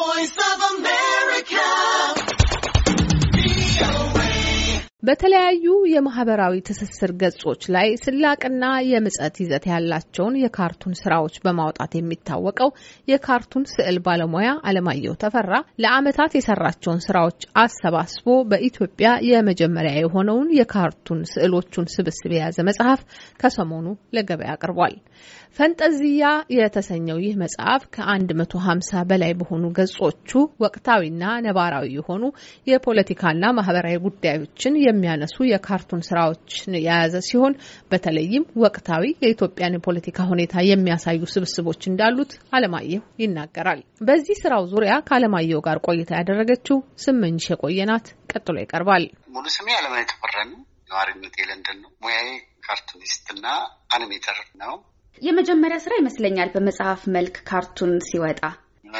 voice በተለያዩ የማህበራዊ ትስስር ገጾች ላይ ስላቅና የምጸት ይዘት ያላቸውን የካርቱን ስራዎች በማውጣት የሚታወቀው የካርቱን ስዕል ባለሙያ አለማየሁ ተፈራ ለዓመታት የሰራቸውን ስራዎች አሰባስቦ በኢትዮጵያ የመጀመሪያ የሆነውን የካርቱን ስዕሎቹን ስብስብ የያዘ መጽሐፍ ከሰሞኑ ለገበያ አቅርቧል። ፈንጠዚያ የተሰኘው ይህ መጽሐፍ ከ150 በላይ በሆኑ ገጾቹ ወቅታዊና ነባራዊ የሆኑ የፖለቲካና ማህበራዊ ጉዳዮችን የሚያነሱ የካርቱን ስራዎችን የያዘ ሲሆን በተለይም ወቅታዊ የኢትዮጵያን የፖለቲካ ሁኔታ የሚያሳዩ ስብስቦች እንዳሉት አለማየሁ ይናገራል። በዚህ ስራው ዙሪያ ከአለማየሁ ጋር ቆይታ ያደረገችው ስምንሽ የቆየናት ቀጥሎ ይቀርባል። ሙሉ ስሜ አለማየሁ ተፈራ ነው። ነዋሪነት የለንደን ነው። ሙያዬ ካርቱኒስትና አኒሜተር ነው። የመጀመሪያ ስራ ይመስለኛል በመጽሐፍ መልክ ካርቱን ሲወጣ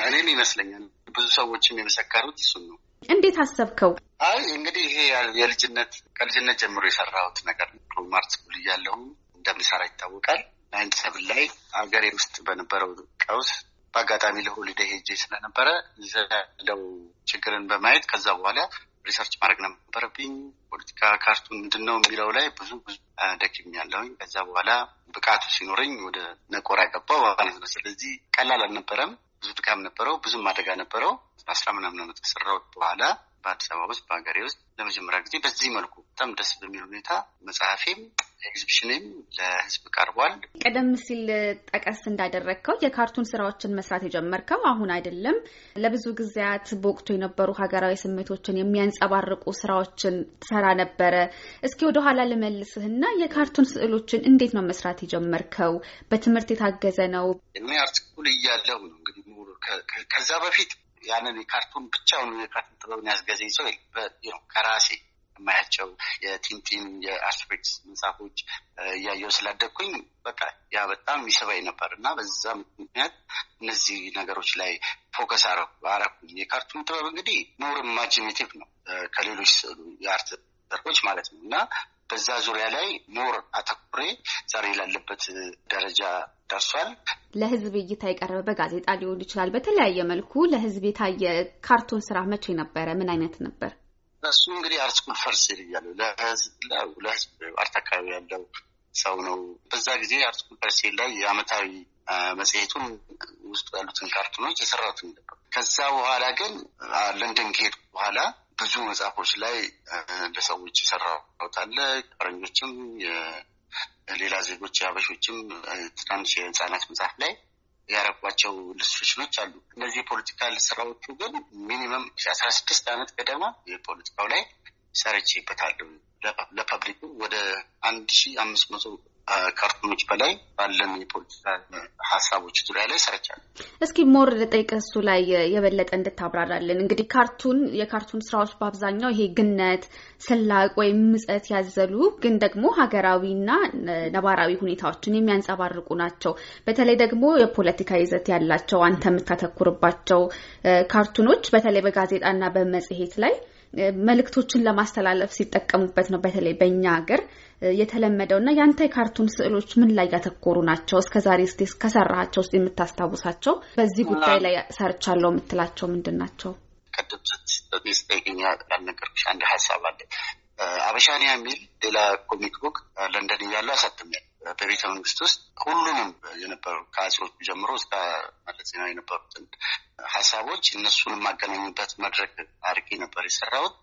እኔም ይመስለኛል ብዙ ሰዎችም የመሰከሩት እሱን ነው። እንዴት አሰብከው? አይ እንግዲህ ይሄ የልጅነት ከልጅነት ጀምሮ የሰራሁት ነገር ማርት ስኩል እያለሁ እንደምሰራ ይታወቃል። ናይንቲ ሰብን ላይ ሀገሬ ውስጥ በነበረው ቀውስ በአጋጣሚ ለሆሊዴ ሄጄ ስለነበረ እዛ ያለው ችግርን በማየት ከዛ በኋላ ሪሰርች ማድረግ ነበረብኝ። ፖለቲካ ካርቱን ምንድን ነው የሚለው ላይ ብዙ ብዙ ደክም ያለውኝ። ከዛ በኋላ ብቃቱ ሲኖረኝ ወደ ነቆራ ገባሁ ማለት ነው። ስለዚህ ቀላል አልነበረም። ብዙ ድካም ነበረው፣ ብዙም አደጋ ነበረው። አስራ ምናምን ዓመት ከሰራሁት በኋላ በአዲስ አበባ ውስጥ በሀገሬ ውስጥ ለመጀመሪያ ጊዜ በዚህ መልኩ በጣም ደስ በሚል ሁኔታ መጽሐፌም ኤግዚቢሽንም ለህዝብ ቀርቧል። ቀደም ሲል ጠቀስ እንዳደረግከው የካርቱን ስራዎችን መስራት የጀመርከው አሁን አይደለም። ለብዙ ጊዜያት በወቅቱ የነበሩ ሀገራዊ ስሜቶችን የሚያንጸባርቁ ስራዎችን ትሰራ ነበረ። እስኪ ወደኋላ ልመልስህና የካርቱን ስዕሎችን እንዴት ነው መስራት የጀመርከው? በትምህርት የታገዘ ነው? እኔ አርት እያለሁ ነው እንግዲህ ከዛ በፊት ያንን የካርቱን ብቻውን የካርቱን ጥበብን ያስገዘኝ ሰው ከራሴ የማያቸው የቲንቲን የአስትሪክስ መጽሐፎች እያየው ስላደግኩኝ በቃ ያ በጣም የሚስበኝ ነበር እና በዛ ምክንያት እነዚህ ነገሮች ላይ ፎከስ አረኩኝ። የካርቱን ጥበብ እንግዲህ ሞር ኢማጂኔቲቭ ነው ከሌሎች የአርት ዘርፎች ማለት ነው እና በዛ ዙሪያ ላይ ሞር አተኩሬ ዛሬ ላለበት ደረጃ ደርሷል። ለህዝብ እይታ የቀረበ በጋዜጣ ሊሆን ይችላል። በተለያየ መልኩ ለህዝብ የታየ ካርቱን ስራ መቼ ነበረ? ምን አይነት ነበር እሱ? እንግዲህ አርት ኮንፈረንስ እያለሁ ለህዝብ አርት አካባቢ ያለው ሰው ነው። በዛ ጊዜ አርትኩል ፈርስ ላይ የአመታዊ መጽሔቱን ውስጡ ያሉትን ካርቱኖች የሰራት ነበር። ከዛ በኋላ ግን ለንደን ከሄድ በኋላ ብዙ መጽሐፎች ላይ ለሰዎች የሰራሁት አለ። ፈረንጆችም ሌላ ዜጎች አበሾችም ትናንሽ የህጻናት መጽሐፍ ላይ ያረጓቸው ኢሉስትሬሽኖች አሉ። እነዚህ የፖለቲካል ስራዎቹ ግን ሚኒመም አስራ ስድስት ዓመት ገደማ የፖለቲካው ላይ ሰርቼበታለሁ። ለፐብሊኩ ወደ አንድ ሺ አምስት መቶ ካርቱኖች በላይ ባለን የፖለቲካ ሀሳቦች ዙሪያ ላይ ሰርቻለሁ። እስኪ ሞር ለጠይቀ እሱ ላይ የበለጠ እንድታብራራለን። እንግዲህ ካርቱን የካርቱን ስራዎች በአብዛኛው ይሄ ግነት፣ ስላቅ ወይም ምጸት ያዘሉ ግን ደግሞ ሀገራዊና ነባራዊ ሁኔታዎችን የሚያንጸባርቁ ናቸው። በተለይ ደግሞ የፖለቲካ ይዘት ያላቸው አንተ የምታተኩርባቸው ካርቱኖች በተለይ በጋዜጣና በመጽሔት ላይ መልእክቶችን ለማስተላለፍ ሲጠቀሙበት ነው። በተለይ በእኛ ሀገር የተለመደው እና የአንተ የካርቱን ስዕሎች ምን ላይ ያተኮሩ ናቸው? ዛሬ ስ ከሰራሃቸው ውስጥ የምታስታውሳቸው በዚህ ጉዳይ ላይ ሰርቻለሁ የምትላቸው ምንድን ናቸው? ቅድም ስጠይቅኝ ያልነገርኩሽ አንድ ሀሳብ አለ። አበሻኒያ የሚል ሌላ ኮሚክ ቡክ ለንደን እያለሁ አሳትሜያለሁ። በቤተ መንግስት ውስጥ ሁሉንም የነበሩ ከአጼዎቹ ጀምሮ እስከ መለስ ዜናዊ የነበሩትን ሀሳቦች እነሱን የማገናኙበት መድረክ አድርጌ ነበር የሰራሁት።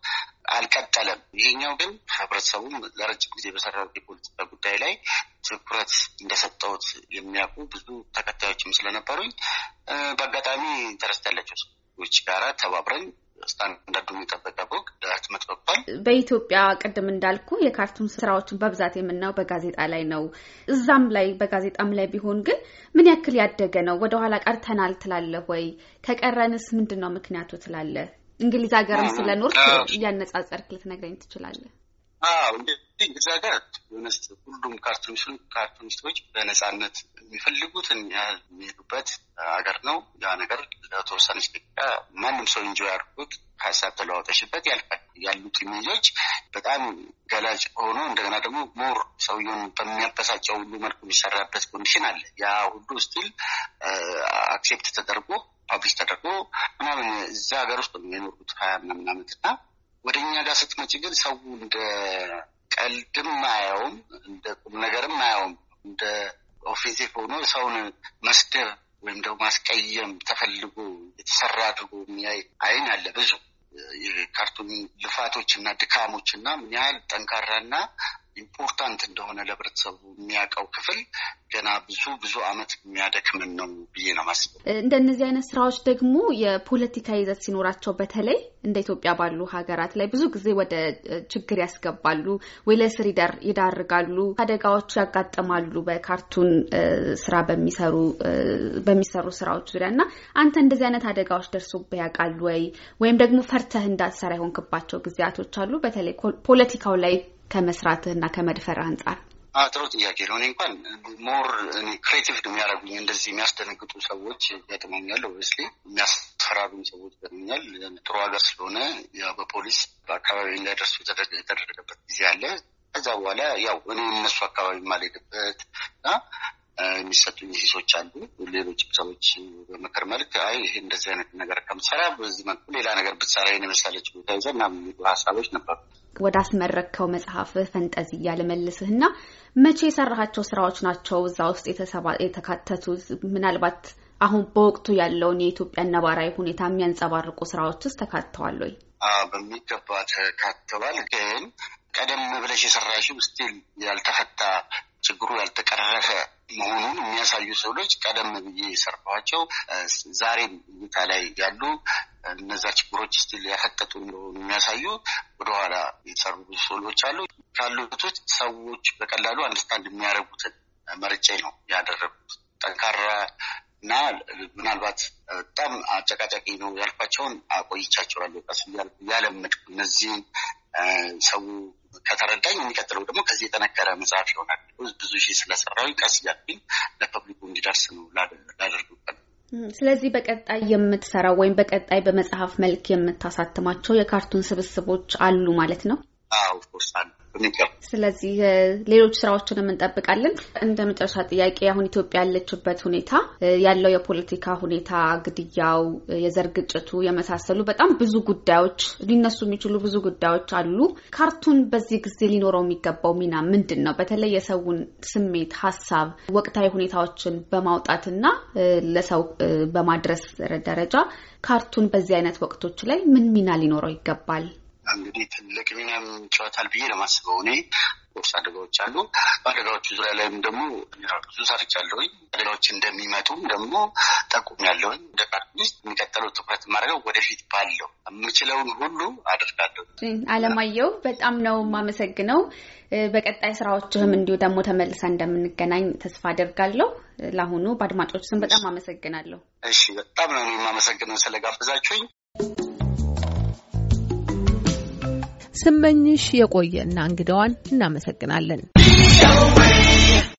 አልቀጠለም። ይሄኛው ግን ህብረተሰቡም ለረጅም ጊዜ በሰራው የፖለቲካ ጉዳይ ላይ ትኩረት እንደሰጠውት የሚያውቁ ብዙ ተከታዮችም ስለነበሩኝ በአጋጣሚ ኢንተረስት ያላቸው ሰዎች ጋራ ተባብረን ስታንዳርዱ የጠበቀ ቦግ ህትመት በቅቷል። በኢትዮጵያ ቅድም እንዳልኩ የካርቱን ስራዎችን በብዛት የምናየው በጋዜጣ ላይ ነው። እዛም ላይ በጋዜጣም ላይ ቢሆን ግን ምን ያክል ያደገ ነው? ወደኋላ ቀርተናል ትላለህ ወይ? ከቀረንስ ምንድን ነው ምክንያቱ ትላለህ? እንግሊዝ ሀገርም ስለኖር እያነጻጸርክ ልትነግረኝ ትችላለህ? አዎ እንግዲህ እንግሊዝ ሀገር ሆነስ ሁሉም ካርቱኒስቱን ካርቱኒስቶች በነፃነት የሚፈልጉትን ያህል የሚሄዱበት ሀገር ነው። ያ ነገር ለተወሰነ ደቂቃ ማንም ሰው እንጂ ያርጉት ሀሳብ ተለዋውጠሽበት ያልፋል። ያሉት ኢሜጆች በጣም ገላጭ ሆኖ እንደገና ደግሞ ሞር ሰውየውን በሚያበሳጨው ሁሉ መልኩ የሚሰራበት ኮንዲሽን አለ። ያ ሁሉ ስቲል አክሴፕት ተደርጎ ፐብሊሽ ተደርጎ ገና እዛ ሀገር ውስጥ ነው የኖርኩት ሀያ ምናምን አመት እና ወደ እኛ ጋር ስትመጪ ግን ሰው እንደ ቀልድም አያውም፣ እንደ ቁም ነገርም አያውም። እንደ ኦፌሲቭ ሆኖ ሰውን መስደብ ወይም ደግሞ ማስቀየም ተፈልጎ የተሰራ አድርጎ የሚያይ አይን አለ ብዙ የካርቱን ልፋቶች እና ድካሞች እና ምን ያህል ጠንካራ ጠንካራና ኢምፖርታንት እንደሆነ ለህብረተሰቡ የሚያውቀው ክፍል ገና ብዙ ብዙ አመት የሚያደክምን ነው ብዬ ነው ማስበው። እንደነዚህ አይነት ስራዎች ደግሞ የፖለቲካ ይዘት ሲኖራቸው በተለይ እንደ ኢትዮጵያ ባሉ ሀገራት ላይ ብዙ ጊዜ ወደ ችግር ያስገባሉ ወይ ለእስር ይዳርጋሉ፣ አደጋዎች ያጋጥማሉ በካርቱን ስራ በሚሰሩ በሚሰሩ ስራዎች ዙሪያ እና አንተ እንደዚህ አይነት አደጋዎች ደርሶብህ ያውቃል ወይ? ወይም ደግሞ ፈርተህ እንዳትሰራ የሆንክባቸው ጊዜያቶች አሉ? በተለይ ፖለቲካው ላይ ከመስራትህና ከመድፈርህ አንጻር? ጥሩ ጥያቄ ነው። እኔ እንኳን ሞር ክሬቲቭ ነው የሚያደርጉኝ እንደዚህ የሚያስደነግጡ ሰዎች ገጥሞኛል። ስ የሚያስፈራሩኝ ሰዎች ገጥሞኛል። ጥሩ ሀገር ስለሆነ በፖሊስ በአካባቢ እንዳይደርሱ የተደረገበት ጊዜ አለ። ከዛ በኋላ ያው እኔ እነሱ አካባቢ ማልሄድበት እና የሚሰጡኝ ሂሶች አሉ። ሌሎች ሰዎች በምክር መልክ አይ ይህ እንደዚህ አይነት ነገር ከምሰራ በዚህ መልኩ ሌላ ነገር ብትሰራ ይሄን የመሰለች ቦታ ይዘ ና የሚሉ ሀሳቦች ነበሩ። ወደ አስመረከው መጽሐፍ ፈንጠዝያ ልመልስህ እና መቼ የሰራሃቸው ስራዎች ናቸው እዛ ውስጥ የተካተቱት? ምናልባት አሁን በወቅቱ ያለውን የኢትዮጵያ ነባራዊ ሁኔታ የሚያንጸባርቁ ስራዎች ውስጥ ተካትተዋል ወይ? በሚገባ ተካተዋል። ግን ቀደም ብለሽ የሰራሽው ስቲል ያልተፈታ ችግሩ ያልተቀረፈ መሆኑን የሚያሳዩ ሰዎች ቀደም ብዬ የሰራኋቸው ዛሬም እይታ ላይ ያሉ እነዛ ችግሮች ስቲል ያፈጠጡ እንደሆኑ የሚያሳዩ ወደኋላ የተሰሩ ብዙ ስዕሎች አሉ። ካሉት ውስጥ ሰዎች በቀላሉ አንድስታንድ የሚያደርጉትን መርጬ ነው ያደረጉት። ጠንካራ እና ምናልባት በጣም አጨቃጫቂ ነው ያልኳቸውን አቆይቻቸዋለሁ። ቀስ እያልኩ እያለመድኩ እነዚህን ሰው ከተረዳኝ የሚቀጥለው ደግሞ ከዚህ የጠነከረ መጽሐፍ ይሆናል። ብዙ ሺህ ስለሰራዊ ቀስ እያልኩኝ ለፐብሊኩ እንዲደርስ ነው ላደርጉበት። ስለዚህ በቀጣይ የምትሰራው ወይም በቀጣይ በመጽሐፍ መልክ የምታሳትማቸው የካርቱን ስብስቦች አሉ ማለት ነው? ስለዚህ ሌሎች ስራዎችንም እንጠብቃለን። እንደ መጨረሻ ጥያቄ አሁን ኢትዮጵያ ያለችበት ሁኔታ ያለው የፖለቲካ ሁኔታ፣ ግድያው፣ የዘር ግጭቱ የመሳሰሉ በጣም ብዙ ጉዳዮች ሊነሱ የሚችሉ ብዙ ጉዳዮች አሉ። ካርቱን በዚህ ጊዜ ሊኖረው የሚገባው ሚና ምንድን ነው? በተለይ የሰውን ስሜት፣ ሀሳብ፣ ወቅታዊ ሁኔታዎችን በማውጣትና ለሰው በማድረስ ደረጃ ካርቱን በዚህ አይነት ወቅቶች ላይ ምን ሚና ሊኖረው ይገባል? እንግዲህ ትልቅ ሚናም ጨዋታል ብዬ ለማስበው እኔ ሶስት አደጋዎች አሉ። በአደጋዎቹ ዙሪያ ላይም ደግሞ ብዙ ሰርቻለሁኝ። አደጋዎች እንደሚመጡም ደግሞ ጠቁም እንደ ፓርቲስት የሚቀጥለው ትኩረት ማድረገው ወደፊት ባለው የምችለውን ሁሉ አደርጋለሁ። አለማየሁ በጣም ነው የማመሰግነው። በቀጣይ ስራዎችህም እንዲሁ ደግሞ ተመልሳ እንደምንገናኝ ተስፋ አደርጋለሁ። ለአሁኑ በአድማጮች ስም በጣም አመሰግናለሁ። እሺ፣ በጣም ነው የማመሰግነው ስለጋብዛችሁኝ። ስመኝሽ የቆየና እንግዳዋን እናመሰግናለን።